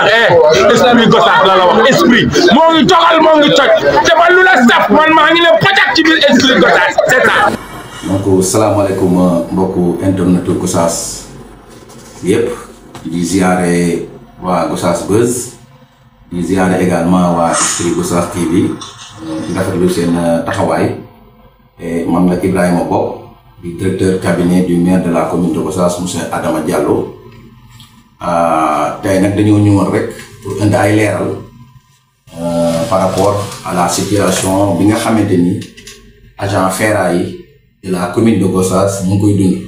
ndax eh gosaas la la wax esprit moo ngi togal moo ngi coj te ba lu la saf man maa ngi ne pocak ci biir esprit gosaas c'est ça. donc euh, salaamaaleykum euh, mbokku internetu gosaas yëpp di ziare waa gosaas buzz di ziare également waa esprit gosaas TV euh, di rafetlu seen taxawaay man la Ibrahima Bopp di directeur cabinet du de la commune de Gosaas monsieur Adama Diallo. tey nag dañoo ñëwoon rek pour indi ay leeral eh, par rapport à la situation bi nga ni agent ferra yi de la commune de Gossas koy dund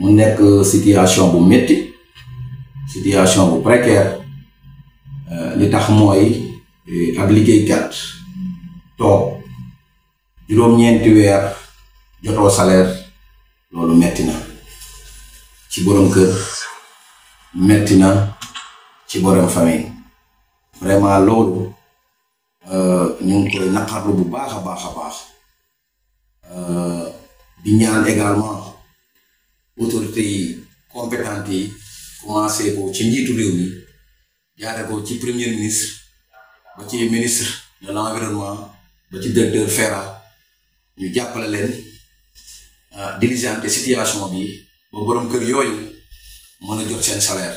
mu nek situation bu métti situation bu précaire eh, li tax mooy ab eh, liggéeykat toog juróom-ñeenti weer joto salaire metti na ci borom keur metti na ci borom famille vraiment loolu euh, ñu ngi koy naqarlu bu baax a baax a baax euh, di ñaan également autorités yi compétentes yi commencé ko ci njiitu réew mi jaare ko ci premier ministre ba ci ministre de l'environnement ba ci directeur FERA ñu jàppale leen euh, diligente situation bi ba borom kër yooyu. mën a jot seen salaire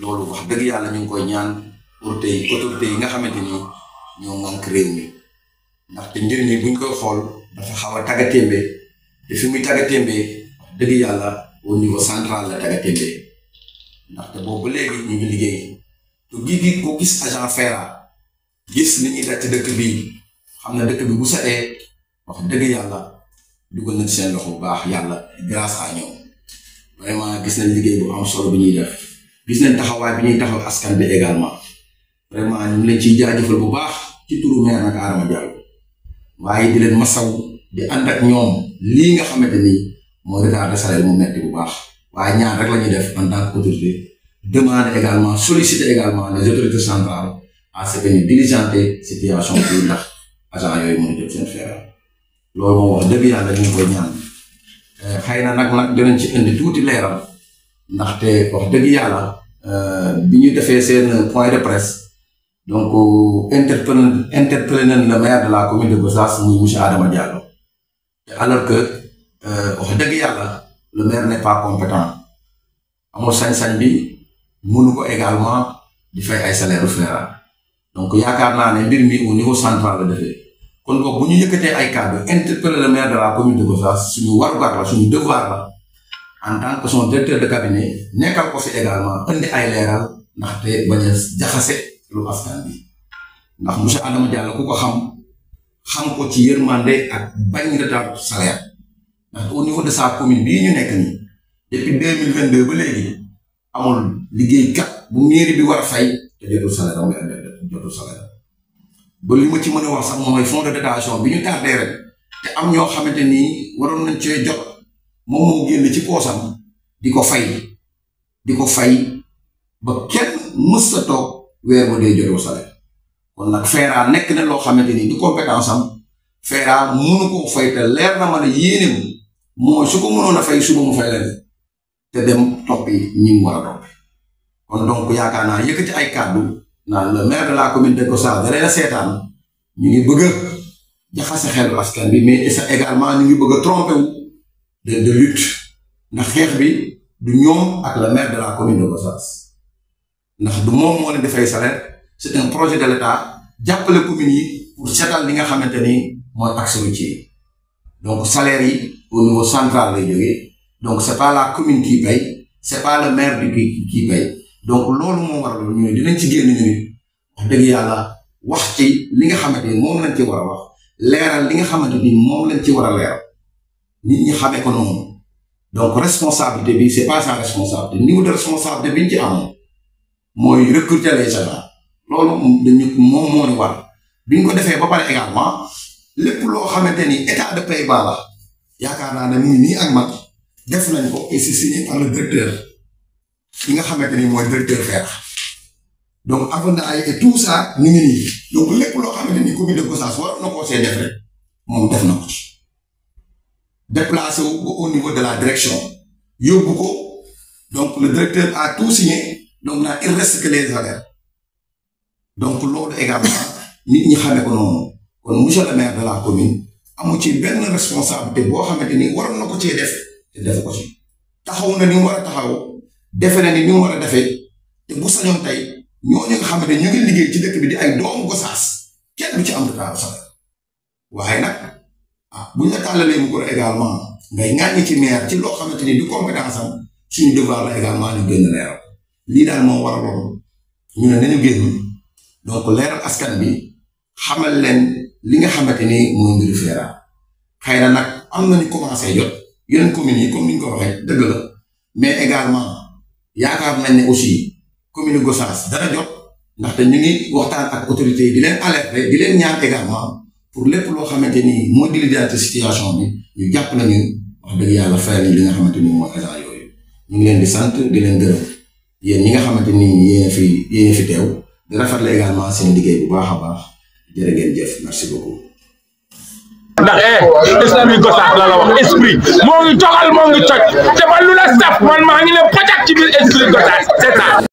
loolu wax dëgg yàlla ñu ngi koy ñaan autorité yi autorité yi nga xamante ni ñoo ŋànk réew mi ndaxte mbir mi buñ koy xool dafa xaw a tagatémbe te fi muy tagatémbe wax dëgg yàlla au niveau central boobu ba ñu ngi liggéey te gi gi ko gis agent FERA gis li ñuy daj dëkk bi xam na dëkk bi bu setee wax dëgg yàlla dugal nañ seen loxo baax yàlla grâce à ñoom vraiment gis nañ liggéey bu am solo bi ñuy def gis nañ taxawaay bi ñuy taxaw askan bi également vraiment ñu leen ciy jaajëfal bu baax ci turu maire nag Adama Diallo waaye di leen masaw di ànd ak ñoom lii nga xamante ni moo retard de salaire mu metti bu baax waaye ñaar rek la ñuy def en tant que autorité demander également solliciter également les autorités centrales à ce que ñu diligenter situation bi ndax agent yooyu mën a jëm seen feeraal loolu moo wax dëgg yàlla ñu koy ñaan Euh, xëy na nag nag dinañ ci indi tuuti leeral ndaxte wax dëgg yàlla euh, bi ñu defee seen point de presse donc euh, interpellé interpellé nañ le maire de la commune de Gossas muy monsieur Adama Diallo alors que wax dëgg yàlla le maire n'est pas compétent amul sañ-sañ bi mënu ko également di fay ay salaire fédéral donc yaakaar naa ne mbir mi au niveau central la defee kon ko buñu yëkëté ay cadre interpeller le maire de la commune de Gossas suñu war warugar la suñu devoir la en tant que son directeur de cabinet nekkal ko fi également indi ay léral ndax té baña jaxassé lu askan bi ndax monsieur Adama Diallo ku ko xam xam ko ci yermandé ak bañ retard salaire ndax au niveau de sa commune bi ñu nekk ni depuis 2022 ba légui amul liggéey kat bu mairie bi war fay te jotul salaire am amul jotul salaire ba li ma ci mën a wax sax mooy fonds de bi ñu tardé ren te am ñoo xamante ni waroon nañ cee jot moom moo génn ci poosam di ko fay di ko fay ba kenn mës sa toog weer ba day jotoo salaire kon nag Feera nekk na loo xamante ni du compétence am Feera mënu koo fay te leer na ma ne yéeneem mooy su ko mënoon a fay suba mu fay leen te dem toppi ñi war a toppi kon donc yaakaar naa yëkkati ay kàddu. le maire de la commune de Gossas da a ñu ngi a mais également a de de lutte avec du le maire de la commune de Gossas du de salaire c'est un projet de l'État pour certains li nga maintenir donc salaire au niveau central lay ce donc c'est pas la commune qui paye c'est pas le maire qui qui paye donc loolu moo waral ñooy dinañ ci génn ñu wax dëgg yàlla wax ci li nga xamante ni moom lañ ci war a wax leeral li nga xamante ni moom lañ ci war a leeral nit ñi xamee ko noonu donc responsabilité bi c'est pas sa responsabilité niveau de responsabilité bi ñu ci am mooy recruter les gens loolu dañu moom moo ñu war bi ñu ko defee ba pare également lépp loo xamante ni état de Pays-Bas la yaakaar naa ne mu ngi nii ak mag def nañ ko et c'est signé par le directeur ki nga xamante ni mooy directeur Fera donc avant na ay et tout ça ñu ngi nii donc lépp loo xamante ni commune de Gossas war na koo see def rek moom def na ko ci déplacé wu au niveau de la direction yóbbu ko donc le directeur a tout signé donc il reste que les alertes donc loolu également nit ñi xamee ko noonu kon monsieur le maire de la commune amu ci benn responsabilité boo xamante ni war na ko cee def te def ko ci taxaw na ni mu war a taxaw. defe na ni ñu war a defee te bu sañoon tey ñooñu nga xamante ñu ngi liggéey ci dëkk bi di ay doomu Gossas kenn du ci am retard salaire waaye nag ah bu ñu la tàllalee mu ko également ci maire ci loo xamante ni du compétence am suñu devoir la également ñu gën a a ñu ne nañu génn donc leeral askan bi xamal leen li nga xamante ni xëy na nag am na ñu commencé jot yeneen communes yi comme ni ñu ko waxee dëgg la mais également. yaakaar nañ ne aussi commune Gossas dara jot ndaxte ñu ngi waxtaan ak autorités yi di leen alerter di leen ñaan également pour lépp loo xamante ni mooy dilidate situation bi ñu jàpp nañu wax dëgg yàlla fayal ñu li nga xamante ni mooy agent yooyu ñu ngi leen di sant di leen gërëm yéen ñi nga xamante ni yéen fi yéen fi teew di rafetlu également seen liggéey bu baax a baax a ngeen jëf merci beaucoup ndax eh islam yi gosaat la la wax esprit moo ngi togal moo ngi coj te man lu la saf man maa ngi ne pocak ci biir esprit gosaat se ça